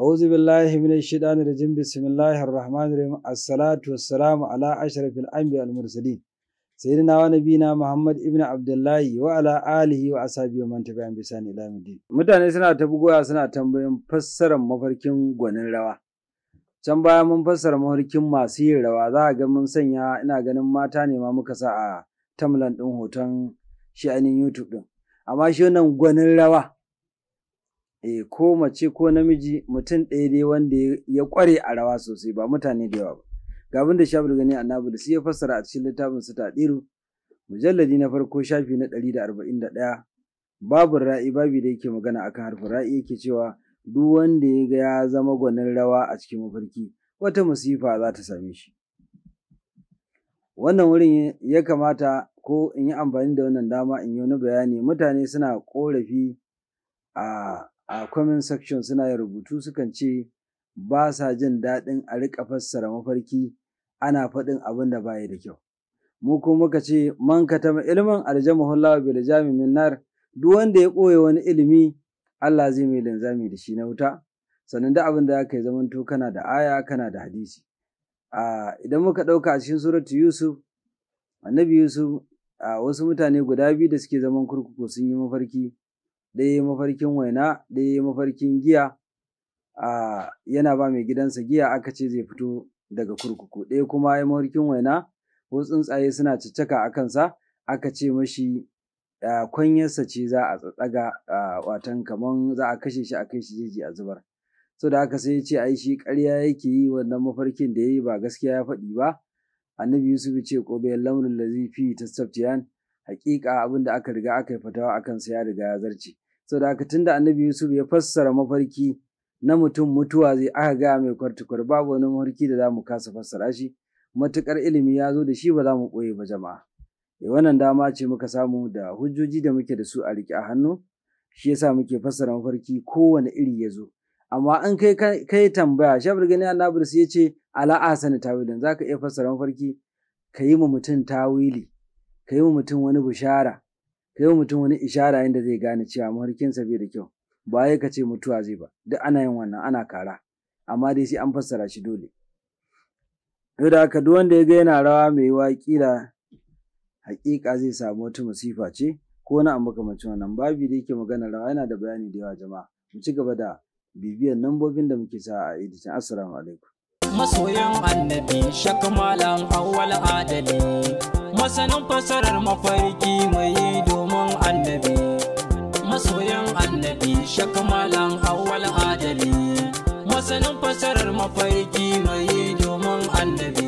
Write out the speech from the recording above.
أعوذ بالله من الشيطان الرجيم بسم الله الرحمن الرحيم الصلاة والسلام على أشرف الأنبياء المرسلين سيدنا ونبينا محمد ابن عبد الله وعلى آله وأصحابه ومن تبعهم بإحسان إلى يوم الدين متان suna تبغوا bugowa suna tambayin fassarar mafarkin gwanin rawa can baya mun fassara mafarkin masu yin rawa za a ga mun sanya ina ganin mata ne ma muka sa a tamlan ɗin hoton shi ainihin youtube ɗin amma shi wannan gwanin rawa eh ko mace ko namiji mutum ɗaya dai wanda ya kware a rawa sosai ba mutane da yawa ba ga abin da shafi gani annabi da su ya fassara a cikin littafin su tadiru mujalladi na farko shafi na ɗari da arba'in da ɗaya babu ra'i babu da yake magana akan harfin ra'i yake cewa duk wanda ya ga ya zama gwanin rawa a cikin mafarki wata masifa za ta same shi wannan wurin ya kamata ko in yi amfani da wannan dama in yi wani bayani mutane suna korafi a a comment section suna yin rubutu sukan ce ba sa jin daɗin a riƙa fassara mafarki ana faɗin abin da bayi da kyau. Mu kuma muka ce man ka katama ilimin Hullawa bai da jami'in nar duk wanda ya ɓoye wani ilimi Allah zai mai linzami da shi na wuta. Sannan da abin da kai zaman zamanto kana da aya kana da hadisi. Idan muka ɗauka a cikin suratu Yusuf, annabi Yusuf wasu mutane guda biyu da suke zaman kurkuku sun yi mafarki ɗaya mafarkin waina ɗaya mafarkin giya yana ba mai gidansa giya aka ce zai fito daga kurkuku ɗaya kuma ya mafarkin waina ko tsuntsaye suna caccaka a kansa aka ce mashi kwanyarsa ce za a tsattsaga watan kaman za a kashe shi a kai shi jeji a zubar so da haka sai ya ce ai shi ƙarya yake yi wannan mafarkin da ya yi ba gaskiya ya faɗi ba annabi yusuf ce ko qobiyal lamrul zai fi tastaftiyan haƙiƙa abin da aka riga aka yi fatawa akan sa ya riga ya zarce saboda da tunda annabi yusuf ya fassara mafarki na mutum mutuwa zai aka gaya mai kwartukwar babu wani mafarki da za mu kasa fassara shi matukar ilimi ya zo da shi ba za mu ɓoye ba jama'a e wannan dama ce muka samu da hujjoji da muke da su a rike a hannu shi yasa muke fassara mafarki kowane iri ya zo amma in kai kai tambaya shafar gani annabi sai ya ce ala ahsani tawilin zaka iya fassara mafarki ka yi ma mutum tawili ka yi ma mutum wani bushara. kai wa mutum wani ishara yadda zai gane cewa sa bai da kyau ba ya kace mutuwa zai ba duk ana yin wannan ana kara amma dai sai an fassara shi dole yau da haka duk wanda ya ga yana rawa mai yiwa kila hakika zai samu wata masifa ce ko na amma makamancin wannan babi da yake magana rawa yana da bayani da yawa jama'a mu ci gaba da bibiyan lambobin da muke sa a editin assalamu alaikum masoyan annabi shakamalan awwal adali masanin fasarar mafarki shakamalan awwal adali masanin fasarar mafarki mai domin annabi